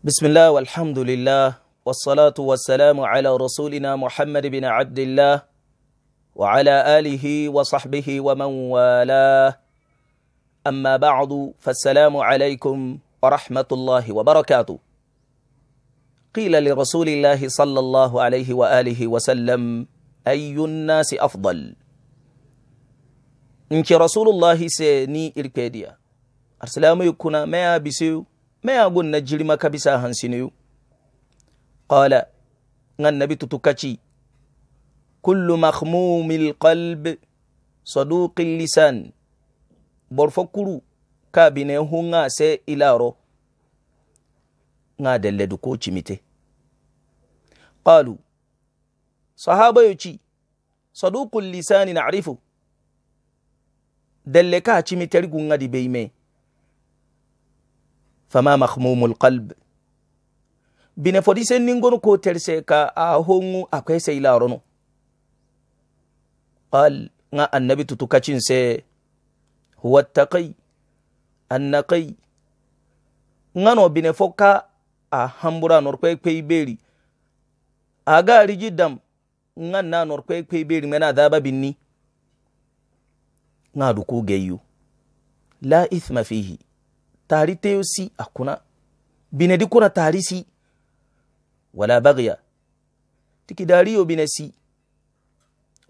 بسم الله والحمد لله والصلاة والسلام على رسولنا محمد بن عبد الله وعلى آله وصحبه ومن والاه أما بعد فالسلام عليكم ورحمة الله وبركاته قيل لرسول الله صلى الله عليه وآله وسلم أي الناس أفضل إنك رسول الله سيني إركاديا أرسلام يكون ما بسيو me na jirma ka bisa hansiniyu qala ngan nabi tutukaci kullu mahmumil qalb saduqil lisan borfo kuru ka bine hunga se ilaro nga dalle du ko cimite qalu sahaba yo ci saduqul lisani na'rifu dalle ka cimiteri gunga di beime fama mahmumul qalb bine fodi sen ningon ko terse ka a hongu akwai sai larono qal nga annabi tutukacin se huwa taqi annaqi ngano bine foka a hambura norkwe kwe beri aga rigi dam ngan na norkwe kwe beri mena daba binni nga duku geyu la ithma fihi tari yi akuna a kuna si. wala bagya tikidariyo binasi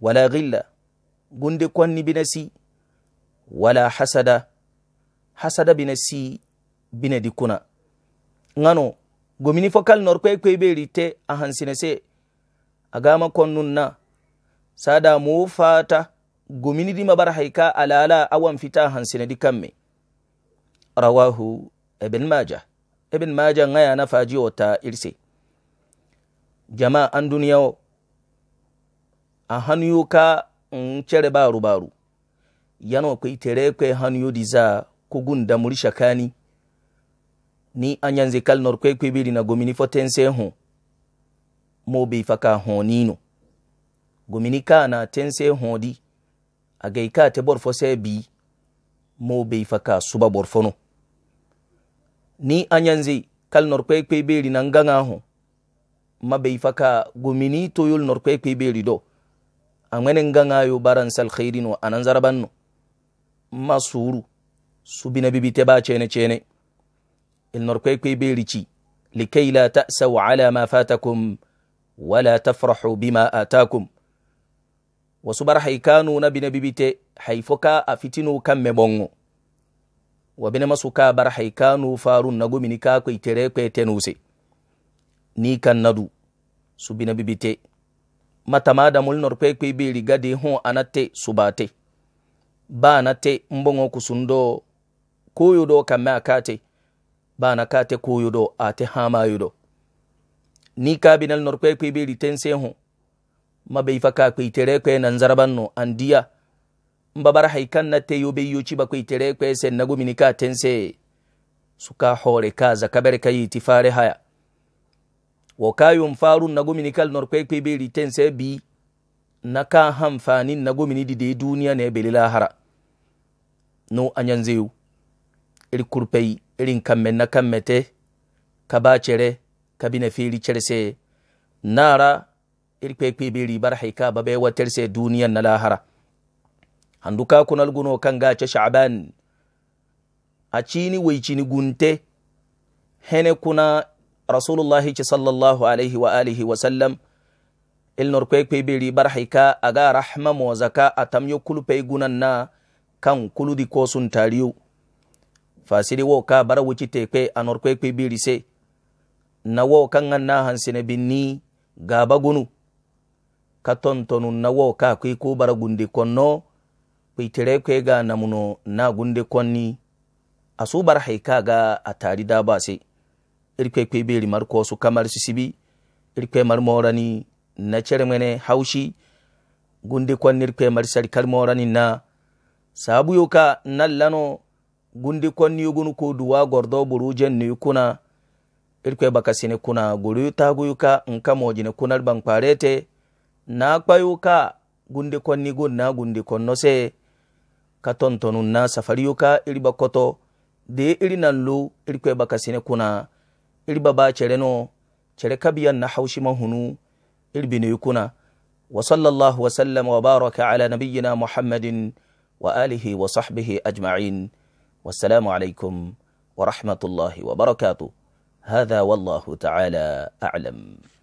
wala gilla, gunde kwanni binasi wala hasada hasada binasi binadi kuna ngano gomini fokal norkwe kwe berite ahansinese agama na. sada mu fata gomini di bar haika alala awan fita kan kamme rawahu ibn maja ibn maja ngaya na faji wata irse jama'a an duniya a hannu ka in cere baru baru yana kwai tere kwai hannu di za kugun da muri shakani ni an yanzu nor kwai kwai biri na gomini se hun mo bai faka honino gomini ka na tense hodi a gaika ta bor se bi mo be faka suba borfono ni anyanzi kal norkwe kwe beri na nganga ho ma be faka to yul norkwe kwe beri do angwene nganga yo baran sal khairin wa anan zarabanno masuru subina bibite ba chene chene il norkwe kwe beri ci likay la ala ma fatakum wala tafrahu bima atakum wasu bar haikanu na bine bibite haifuka a fitinu kan mebongo wa bine masu ka bar haikanu farun na gumini ka kwai tere kwai tenuse ni kan nadu su bine bibite mata ma da mulnor kwai kwai bi riga de hun anate su bate ba anate mbongo kusundo koyudo kan me akate ba na kate koyudo ate hama yudo ni ka binal norkwe kwai bi ritense hun mabai faka kwaitere kwe nan zarban no andiya mbabar haikan na te yobe yoci ba tere kwe sen na gumini tense suka hore ka kabere ka yi tifare haya wa kayun farun na gumini kal nor kwe kwe beri tense bi na ka hamfanin na gumini dide duniya ne bele lahara no anyan zeyu iri kurpe irin kamme na kammete kabine fili cerse nara irkpekpe be ribar haika ba bai watar sai na lahara handuka kunal guno kan gace sha'ban a cini wai cini gunte hene kuna rasulullah ci sallallahu alaihi wa alihi wa sallam ilnur ribar haika aga rahma mo zaka atam yo gunan na kan kuludi ko sun tariyo fasiri wo ka bara wuci tekpe anor kwekpe be rise na wo kan na binni gaba gunu ka tontonun na wo ka kwi ku bara gundi konno kuitire kwe ga namuno na gundi konni a su bar haika ga a tari da ba se irkwe kwe beri marko su kamar sibi irkwe mar morani na cermene haushi gundi konni irkwe mar sarkar morani na sabu ka nallano gundi konni yugun ko duwa gordo burujen ni kuna irkwe baka sine kuna guru ta guyuka nka mojine kunar bankparete na kpayuka gundi konni gun na gundi konno se ka tontonun na safariyuka iri ba koto de iri nan lu iri kwe baka sine kuna iri ba ba chere no cere kabiyan na haushi mahunu iri bine yukuna wa sallallahu wa sallam wa baraka ala nabiyyina muhammadin wa alihi wa sahbihi ajma'in wa salamu alaikum wa rahmatullahi wa barakatuh هذا والله تعالى اعلم